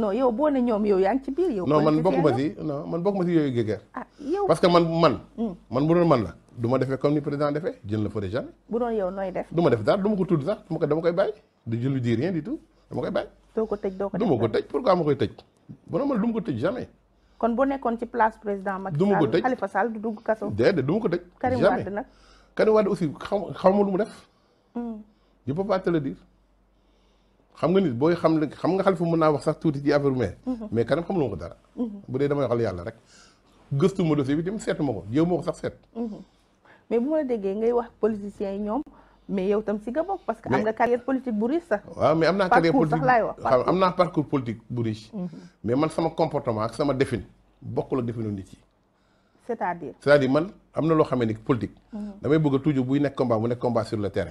non yow boo ne ñoom yow yaa ngi ci biir yow. non man bokkuma si non man bokkuma si yooyu gégéer ah parce que man man. Hmm. man bu doon man la. du ma defee comme ni président defee jël la forêt jamais. bu doon ma def dara du ma ko ko dama di rien du tout dama koy bàyyi. doo man du ko tëj jamais. kon boo nekkoon ci place président Macky Sall. ma ko tëj Khalifa Sall du dugg kaso. ma ko tëj. Karim Wade nag Karim Wade aussi xaw ma lu mu def. Hmm. je peux pas te le xam nga nit booy xam xam nga xalifa mën naa wax sax tuuti ci affaire mais mhm. mais kanam xam lu ma ko dara mhm. bu dee damay waxal yàlla rek gëstu ma bi dem seetu ko jéem ko sax seet mhm. mais bu ma la déggee ngay wax politiciens yi ñoom mais yow tam si nga bokk parce que am nga carrière politique bu riche sax waaw mais am naa carrière politique laay wax am naa bu riche mais man sama comportement ak sama defin bokkul ak definu nit yi c'est-à-dire man am na loo xamee ni politique damay bëgg a toujours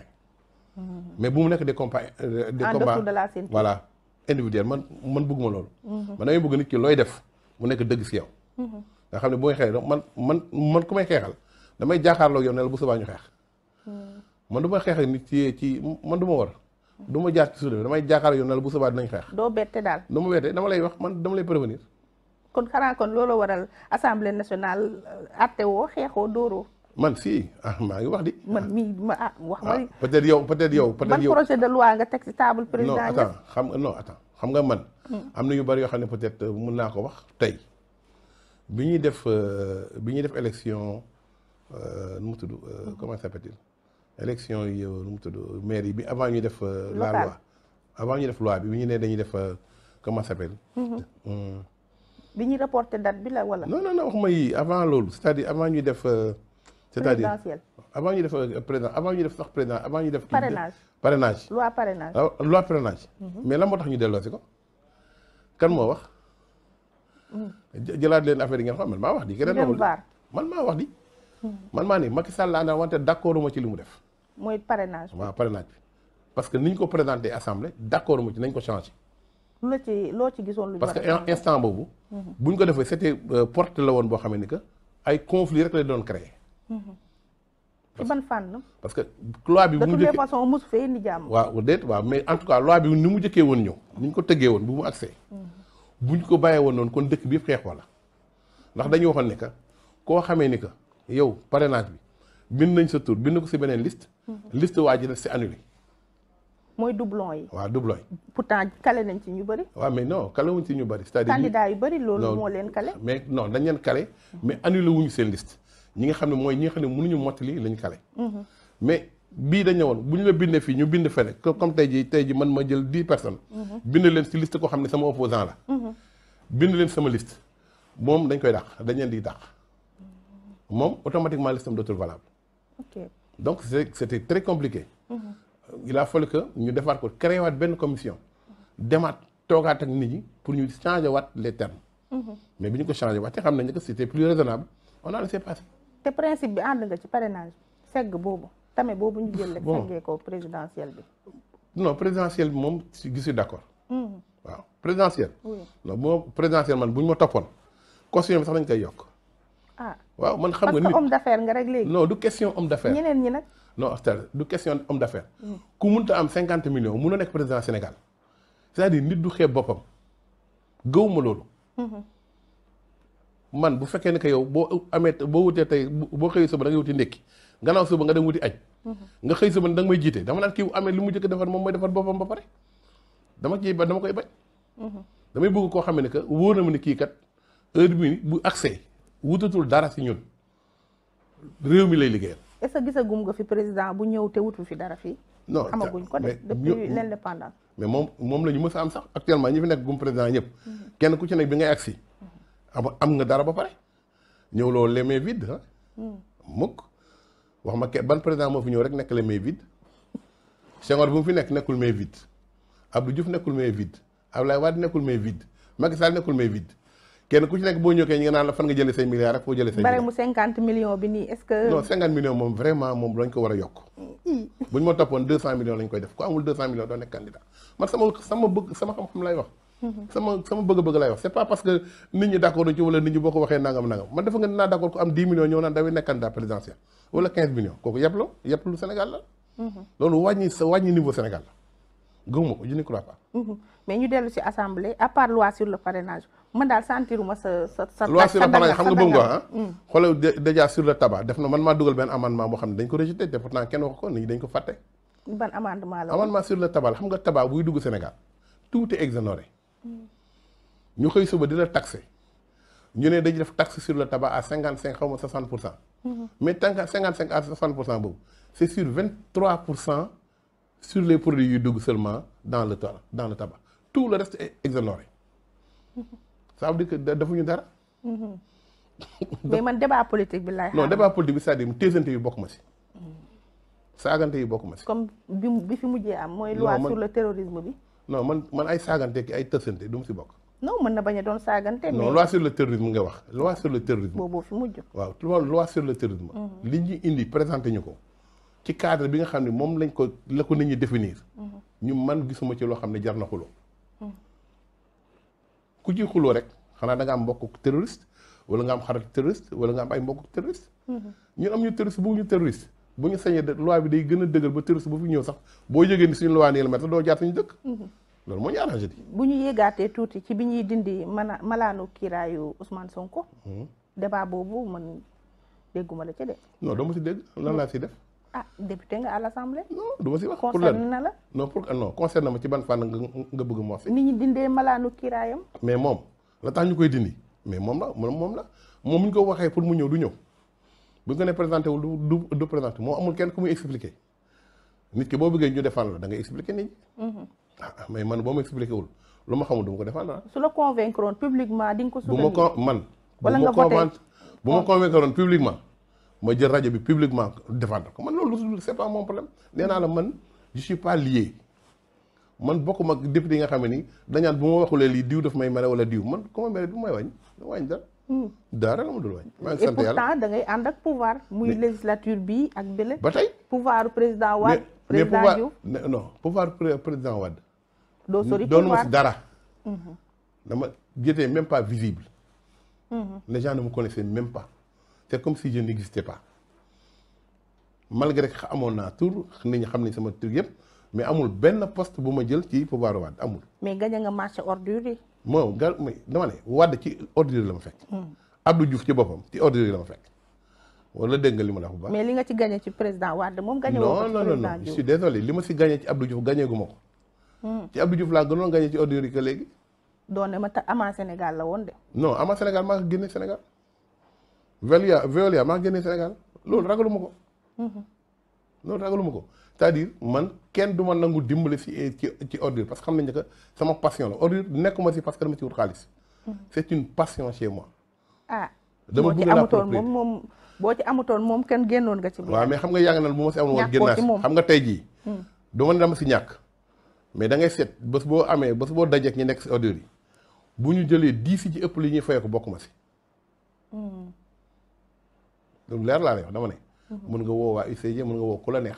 Mm-hmm. mais bu mu nekk des compas euh, des combats voilà individuel man man bëgguma loolu mm-hmm. man damay bëgg nit ki looy def mu nekk dëgg si yow mm-hmm. nga xam ne bu may xeex man man ku may xeexal damay jaakaarloo yow ne bu subaa ñu xeex du ma xeex nit ci ci man du ma du ma jaar ci suuf damay jaakaar yow ne la bu subaa dinañ xeex doo bette daal du bette dama lay wax man dama lay prévenir kon xanaa kon loolu waral assemblée nationale atte euh, woo xeexoo dóoroo man si ah, maa ngi wax di. man mii ma ah wax ma ah, peut-être yow peut-être yow. peut-être yow ban projet de loi nga teg table président no attends xam nga non attends xam nga man. Hmm. am na yu bari yoo xam ne peut-être euh, mën naa ko wax tey bi ñuy def euh, bi ñuy def élection euh, nu mu tudd hmm. comment s'appelle-t-il nu mu tudd maire yi bi avant ñuy def. la loi avant ñu def loi bi bi ñu ne dañuy def comment s'appelle. Hmm. bi ñuy reporter date bi la wala. non non non wax ma yii avant loolu c'est-à-dire avant ñuy def. c'est-à-dire ñu def euh, président avant ñu def sax président avant ñu def. parrainage parrainage. loi parrainage ah, loi parrainage. Mhm. mais lan moo tax ñu delloosi ko. kan moo wax. Mm. jëlaat leen affaire yi ngeen xam man maa wax di. keneen amul man maa wax di. Mm. man maa ne Macky Sall laa wante d' accord ma ci li mu def. mooy parrainage. waaw parrainage bi parce que ni ñu ko présenté assemblée d' accord ma ci nañ ko changé. lu la ci loo ci gisoon lu parce que instant boobu. Mhm. bu ñu ko defee c' euh, porte la woon boo xam ne que ay conflit rek la doon créé. ci ban fànn. parce que loi bi. bu mu de toute façon mosu waaw déet waaw mais en tout cas loi bi ni mu jëkkee woon ñëw. ni ñu ko tëggee woon bu mu accès. Mhm. bu ñu ko bàyyee woon noonu kon dëkk bi yëpp xeex wala ndax dañu waxoon ne que koo xamee ni que yow parrainage bi bind nañ sa tur bind ko si beneen liste. Mhm. liste waa ji si annulé. mooy doublon yi. waaw doublon yi. pourtant kale nañ ci ñu bëri. waaw mais non kale ci ñu bëri. c'est-à-dire loolu moo leen kale. mais non dañ leen kale mais annulé wuñu seen liste. ñi nga xam ne mooy ñi nga xam ne mënuñu mottali lañ kale mhm. mais bii dañ ne woon bu ñu la bindee fii ñu bind fene comme tey ji tey ji man ma jël dix personnes mhm. bind leen si liste koo xam ne sama opposant la mhm. bind leen sama liste moom dañ koy dàq dañ leen di dàq moom automatiquement liste am dootul valable donc c'était très compliqué il la fallu que ñu defaat ko créé waat benn commission demaat toogaat ak nit ñi pour ñu changer waat les termes mais bi ñu ko changer waat te xam ne que te principe bi ànd nga ci parrainage segg boobu tamit boobu ñu jël rek seggee ko présidentiel bi no présidentiel bi moom gisu d'accord hmm. waaw présidentiel non moo présidentiel man bu ñu ma toppoon caution bi sax dañ koy yokk ah waaw man xam nga nit homme d'affaires nga rek léegi du question homme d'affaires ñeneen ñi nag non cest du question homme d'affaires hmm. ku munta am cinquante millions mun a nekk président Sénégal c'est-à-dire nit du xeeb boppam gëwuma loolu hmm. man bu fekkee ne que yow boo amee boo wutee tey boo xëy suba da ngay wuti ndékki gannaaw suba nga dem wuti añ nga xëy suba da nga may jiite dama naan kii amee lu mu jëkk defar moom mooy defar boppam ba pare dama ciy ba dama koy bañ damay bëgg koo xam ne que wóor na ma ne kii kat heure bi bu accès wutatul dara si ñun réew mi lay liggéeyal est-ce que gisagum ga fi président bu ñëw te wutul fi dara fii non amaguñ ko de depuis l'indépendance mais moom moom la ñu mës a am sax actuellement ñu fi nekk gum président ñëpp mm-hmm. kenn ku ci nekk bi ngay agsi ama am nga dara ba pare ñëw loolu les mains vides ah. mukk wax ma ke ban président moo fi ñëw rek nekk les mains vides Senghor bu mu fi nekk nekkul mains vides Abdou Diouf nekkul mains nekkul mains vides Macky nekkul mains vides kenn ku ci nekk boo ñëw kay ñu ngi naan la fan nga jëlee say milliards ak foo jëlee. say bare mu cinquante millions bi nii est-ce que. non moom vraiment moom lañ ko war a yokk. Hmm. bu ñu ma toppoon deux cent millions lañ koy def ku amul lay wax. sama sama bëgg-bëgg lay wax c'est pas parce que nit ñi d'accord ci wala nit ñi boo ko waxee nangam nangam man dafa nga naa d'accord ko am 10 millions ñëw naan daway nekk candidat présidentiel wala 15 la yepp mhm. man daal sentiruma sa sa sa. loi sur le parrainage xam nga bëgg nga ah. xoolal déjà sur le tabac def na man maa dugal benn amendement boo xam ne dañ ko rejeté te pourtant kenn wax ko nit ñi dañ ko fàtte. ban amendement la amendement sur le tabac xam nga tabac buy dugg Sénégal tout est exonéré ñu xëy suba di la taxé ñu ne dañu def taxe sur le tabac à cinquante cinq xaw ma soixante pour cent. mais tant que cinquante cinq à soixante pour cent boobu c' sur vingt trois pour cent sur les produits yu dugg seulement dans le tabac dans le tabac tout le reste est exonéré. ça veut dire que defuñu dara. mais man débat politique bi laay. non débat politique bi c'est-à-dire téesante yu bokk ma si. saagante yu bokk ma si. comme bi bi fi mujjee am. mooy loi sur le terrorisme bi. non man man ay saagante ki ay tësante du mu si bokk. non mën na bañ a doon saagante. mais non loi sur le terrorisme nga wax. loi sur le terrorisme booboo fi mujj. waaw loolu loi sur le terrorisme. Mhm. li ñu indi présenté ñu ko. ci cadre bi nga xam ne moom lañ ko la ko nit ñi définir. Mhm. ñu man gisuma ci loo xam ne jar na xuloo. Mhm. ku ci xuloo rek xanaa da nga am mbokk terroriste wala nga am xarit terroriste wala nga am ay mbokk terroriste. ñu am ñu terroriste ñu terroriste. bu ñu sañee loi bi day gën a dëgër ba terroriste bu fi ñëw sax boo yëgee ni suñu loi nii la mel sax doo jaar suñu dëkk mhm. loolu moo ñu arrangé di bu ñu yéegaatee tuuti ci bi ñuy dindi mana malaanu kiiraayu Ousmane Sonko mhm. débat boobu man dégguma la ca de non doo ma si dégg lan laa si def ah député nga à l'assemblée non du si wax concerne na la non pour non ma ci ban fànn nga bëgg mo wax malaanu kiiraayam mais moom la tax ñu koy dindi mais moom la moom la moom ñu ko waxee pour mu ñëw du ñëw bu ñu présenté wul du du du présenté moo amul kenn ku muy expliqué nit ki boo bëggee ñu défendre da ngay expliqué nit ñi. Mhm. Ah, mais man boo ma expliqué wul lu ma xamul du ma ko défendre su la convaincre woon publiquement di nga ko. soutenir bu ma ko man. wala nga bu ma oh. convaincre woon publiquement ma jël rajo bi publiquement défendre ko man loolu c'est pas mon problème nee naa la man je suis pas lié. man bokkuma ak député yi nga xam ne ni dañaan bu ma waxulee lii diw daf may mere wala diw man ku ma mere du may wàññi du ma dara la ma dul wàññi. maa ngi da ngay ànd ak pouvoir. muy législature bi ak bële. ba tey pouvoir président Wade. président Diouf mais pouvoir non pouvoir président Wade. doo sori pouvoir ma si dara. Mhm. dama j'étais même pas visible. Mhm. les gens ne me connaissaient même pas. c'est comme si je n'existais pas. malgré que amoon naa tur nit ñi xam ne sama tur yëpp mais amul benn post bu ma jël ci pouvoir Wade amul. mais gañ nga marché ordure moom gal dama ne wadd ci ordinaire la ma fekk. Hmm. Abdou Diouf ci boppam ci ordinaire la ma fekk. wala dégg nga li ma la wax bu baax. mais li nga ci gagné ci président Wade moom. gagné woo ko ci président Diouf non non non je si gagné ci Abdou Diouf gagné ko. Hmm. ci Abdou Diouf laa gënoon ci ordinaire que léegi. doon na ma ta ama Sénégal la woon de. non ama Sénégal maa ngi génne Sénégal. Veolia Veolia maa ngi génne Sénégal loolu ragaluma ko. loolu hmm. ragaluma ko. cest à man kenn du ma nangu dimbali si ci ci ordure parce que xam nañ ne que sama passion la ordure nekkuma si parce que dama ci wut xaalis. c'est une passion chez moi. ah dama bëgg la propriété moom moom boo ci amutoon moom kenn génnoon nga ci. waaw mais xam nga yaa ngi naan bu ma si xam nga tey jii. Hmm. du ma ne dama si ñàkk. mais da ngay seet bés boo amee bés boo dajeek ñi nekk si ordure yi bu ñu jëlee dix yi ci ëpp li ñuy fayee ko bokk ma si. donc hmm. leer laa lay wax dama ne. mën hmm. nga woo waa UCG mën nga woo neex.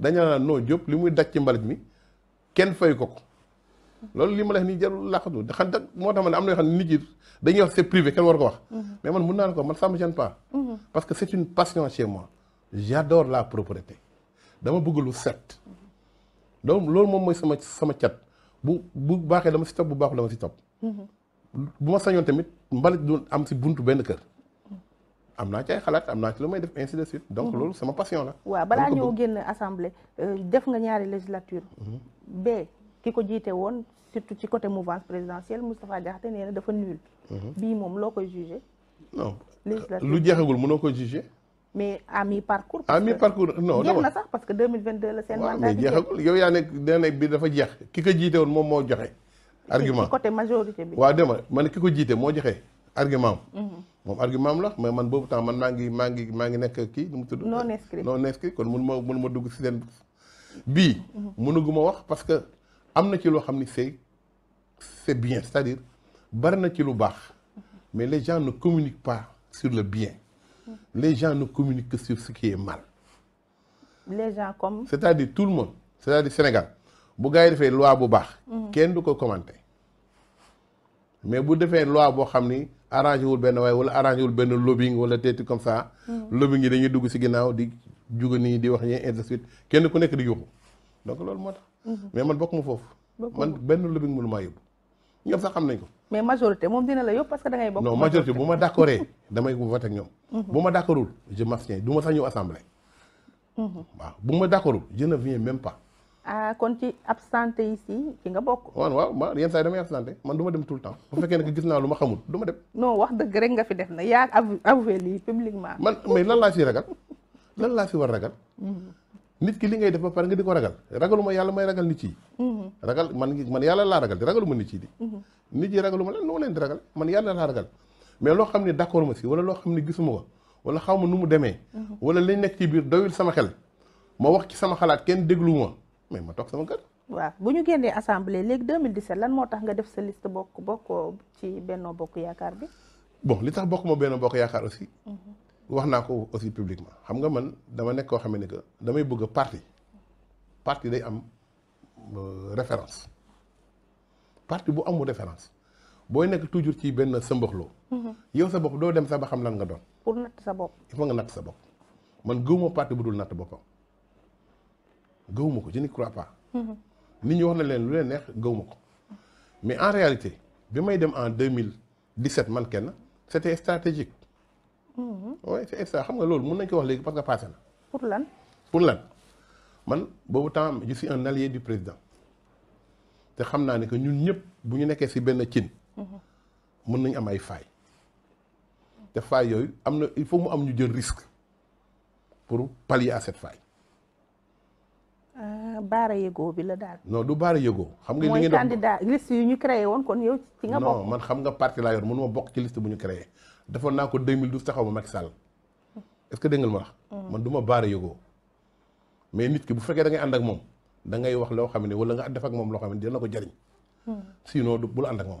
dañ naan non Diop li muy daj ci mbalit mi kenn fay ko ko loolu li ma lex nii jarul laqatu xam da moo tax ma ne am na yoo xam ne nit yi dañuy wax c'est privé kenn war ko wax mm-hmm. mais man mun naa ne ko man ça me pas mm-hmm. parce que c'est une passion chez moi j'adore la propreté dama bëgg lu set donc loolu moom mooy sama sama cat bu bu baaxee dama si topp bu baaxul dama si topp mm-hmm. bu ma sañoon tamit mbalit du am si buntu benn kër am naa ci ay xalaat am naa ci lu may def ainsi de suite donc mhm. loolu sama passion la waaw balaa ñoo génn assemblée euh, def nga ñaari législature mhm. bee ki ko jiite woon surtout ci côté mouvance présidentielle Moustapha Diakhaté nee na dafa nul mhm. bii moom loo koy jugé non lu jeexagul mënoo ko jugé mais à mi parcours. à mi parcours non jeex na sax parce que 2022 la seen mandat. mais jeexagul yow yaa nekk nee na bi dafa jeex ki ko jiite woon moom moo joxe. argument ci côté majorité bi. waaw dama man ki ko jiite moo joxe argument am. moom argument am la mais man boobu temps man maa ngi maa ngi maa ngi nekk kii nu mu tudd. non inscrit non inscrit kon mun ma mun ma dugg si seen bii. Mhm. mënuguma wax parce que am na ci loo xam ni c'est c'est bien c'est-à-dire bari na ci lu baax mhm. mais les gens ne communiquent pas sur le bien mhm. les gens communique communiquent que sur ce qui est mal. les comme. c'est-à-dire tout le monde c'est-à-dire Sénégal bu gaa yi defee loi bu baax. kenn du ko commenter mais bu defee loi boo xam ni. arrangé wul benn waaye wala arrangé wul benn lobbying wala teeti comme ça. Mm. lobbying yi dañuy dugg si ginnaaw di juga nii di wax ñee et de suite kenn ku nekk di yuuxu donc loolu moo tax. Mm-hmm. mais man bokk mu foofu. man benn lobbying mënu maa yóbbu ñoom sax xam nañ ko. mais majorité moom dina la yóbbu parce que da ngay bokk. non majorité bu ma d' accordee damay voté ak ñoom. Mm-hmm. bu ma d' accordul je du ma sax ñëw assemblée. Mm-hmm. waaw bu ma d' accordul je même pas. ah kon ci absenté yi si ci nga bokk. waaw waaw ma yenn saa yi damay absenté man du dem tout le temps bu fekkee ne gis naa lu ma xamul du ma dem. non wax dëgg rek nga fi def na yaa avoué lii publiquement. man mais lan laa si ragal lan laa si war ragal. Mhm. nit ki li ngay def ba pare nga di ko ragal ragaluma yàlla may ragal nit yi. Mhm. ragal man man yàlla laa ragal di ragaluma nit yi di. Mhm. nit yi ragaluma lan noo leen di ragal man yàlla laa ragal mais loo xam ne d'accord ma si wala loo xam ne gisuma ko wala xaw ma nu mu demee. wala liñ nekk ci biir doyul sama xel ma wax ci sama xalaat kenn déglu ma mais ma toog sama kër. waaw bu ñu génnee assemblée léegi 2017 lan moo tax nga def sa liste bokk bokk ci Benno Bokk Yaakaar bi. bon li tax bokk ma Benno Bokk Yaakaar aussi. Mhm. wax naa ko aussi publiquement xam nga man dama nekk koo xam ne que damay bëgg parti parti day am euh, référence parti bu amul référence booy nekk toujours ci benn sëmbaxloo mhm. yow sa bopp doo dem sa ba xam lan nga doon. pour natt sa bopp. il faut nga natt sa bopp man gëwuma parti bu dul natt boppam. gëwuma ko je n'y crois pas. nit ñi wax na leen lu leen neex gëwuma ko mais en réalité bi may dem en 2017 man kenn c' était stratégique. oui c' est xam nga loolu mun nañ ko wax léegi parce que passé na. pour lan man boobu temps je suis un allié du président te xam naa ni que ñun ñëpp bu ñu nekkee ci benn cin. mun nañu am ay faay te faay yooyu am na il faut mu am ñu jël risque pour pallier à cette faille. Euh, baara yëgoo bi la daal. non du baara yëgoo. xam nga li ngeen mooy candidat liste ñu créé woon kon yow ci man xam nga parti laa yor mënuma bokk ci liste bu ñu créé defoon naa ko 2012 taxaw du Macky Sall est-ce que dégg nga ma wax. Mm. man du ma baara yëgoo. mais nit ki bu fekkee da ngay ànd ak moom dangay wax loo xam ne wala nga def ak moom loo xam ne dina ko jariñ. Mm. sinon du bul ànd ak moom.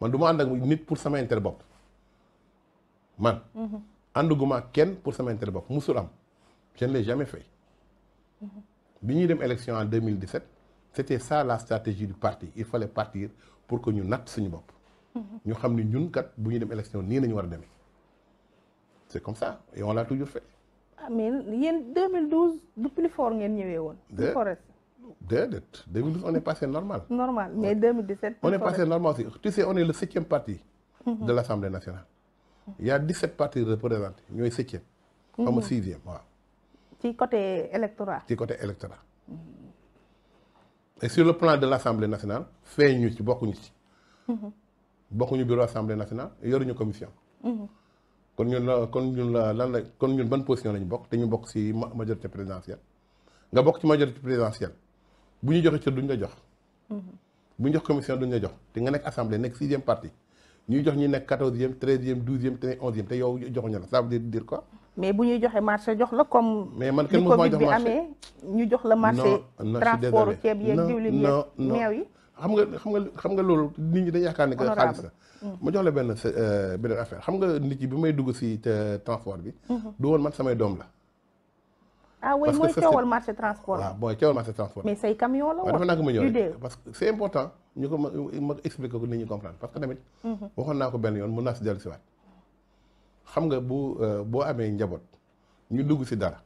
man du ma ànd ak nit pour sama intérêt bopp man. Mm-hmm. ànduguma kenn pour sama intérêt bopp musul am je ne l'ai jamais bi ñuy dem élection en 2017 c'était ça la stratégie du parti il fallait partir pour que ñu natt suñu bopp. Mm-hmm. ñu xam ni ñun kat bu ñuy dem élection nii nañu war a demee c'est comme ça et on l'a toujours fait. ah mais yéen 2012 du plus fort ngeen ñëwee woon. plus fort déedéet 2012 on est passé normal. normal mais 2017. on est passé normal aussi tu sais on est le septième parti. Mm-hmm. de l'Assemblée nationale. Mm-hmm. il y a 17 partis représentés ñooy septième. xam nga sixième ci côté électorat. ci côté électorat. et sur le plan de l' assemblée nationale feeñu ci bokkuñu ci. bokkuñu bureau assemblée nationale yoruñu commission. kon ñu la kon ñu la lan la kon ñu ban position lañu bokk te ñu bokk ci majorité présidentielle. nga bokk ci majorité présidentielle bu ñu joxe cër duñ la jox. bu ñu jox commission duñ la jox te nga nekk assemblée nekk sixième parti ñuy jox ñi nekk quatorzième treizième douzième te onzième te yow joxuñu la ça veut dire quoi. mais bu ñuy joxe marché jox la comme. mais man kenn mosuma jox marché bi amee ñu jox la marché. transport ceeb yeeg diwlin yeeg meew yi. xam nga xam nga xam nga loolu nit ñi dañ yaakaar ne que xaalis la. Mm. ma jox la benn euh, beneen affaire xam nga nit ñi bi may dugg si euh, transport bi. Mm-hmm. du woon man samay doom la. ah parce que c'est important ñu ko ma expliquer ko nit ñi comprendre parce que tamit. Mm-hmm. waxoon naa ko benn yoon mun naa si dellu si waat. xam nga bu euh, boo amee njaboot ñu dugg si dara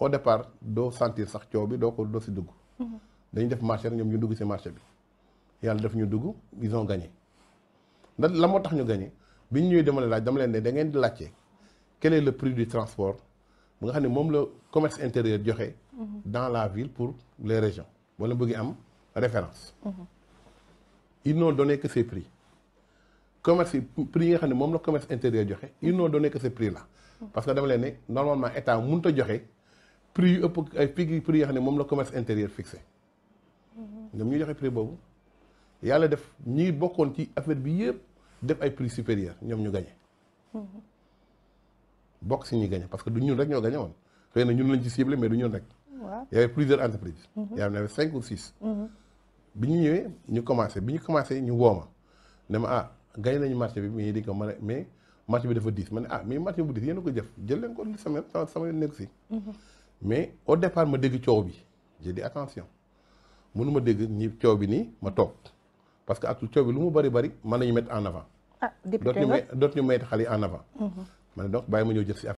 au départ doo sentir sax coow bi doo ko doo si dugg. Mm-hmm. dañu def marché rek ñoom ñu dugg si marché bi yàlla def ñu dugg ils ont gagné ndax la moo tax ñu gagné biñ ñuy dama la laaj dama leen ne da ngeen di laajte quel est le prix du transport bu nga xam ne moom la commerce intérieur joxe. Mm-hmm. dans la ville pour les régions. wala bëgg am référence. Mm-hmm. ils n'ont donné que prix. commerce yi prix yi nga xam ne moom la commerce intérieur joxe ils n'ont donné que ce prix là parce que dama leen normalement état mënut a joxe prix yu ëpp ay prix prix yi nga xam ne moom la commerce intérieur fixé ñoom ñu joxe prix boobu yàlla def ñi bokkoon ci affaire bi yëpp def ay prix supérieur ñoom ñu gagné bokk si ñuy gagné parce que du ñun rek ñoo gagné woon xëy na ñun lañ ci ciblé mais du ñun rek waaw y mhm. avait cinq ou six mhm. bi ñu ñëwee ñu commencé bi ñu commencé ñu wooma ne ma ah, gañ nañu marché bi mais di ko mën a mais marché bi dafa diis ma ne ah mais marché bu diis yéen a ko jëf jël leen ko sama yoon sama yoon mais au départ ma dégg coow bi j'ai dit attention mënuma dégg ñi coow bi nii ma toog parce que ak coow bi lu mu bari bari mën nañu mettre en avant. ah député nga dootuñu may dootuñu xale yi en avant. Mhm. ma ne donc bàyyi ma ñëw jël si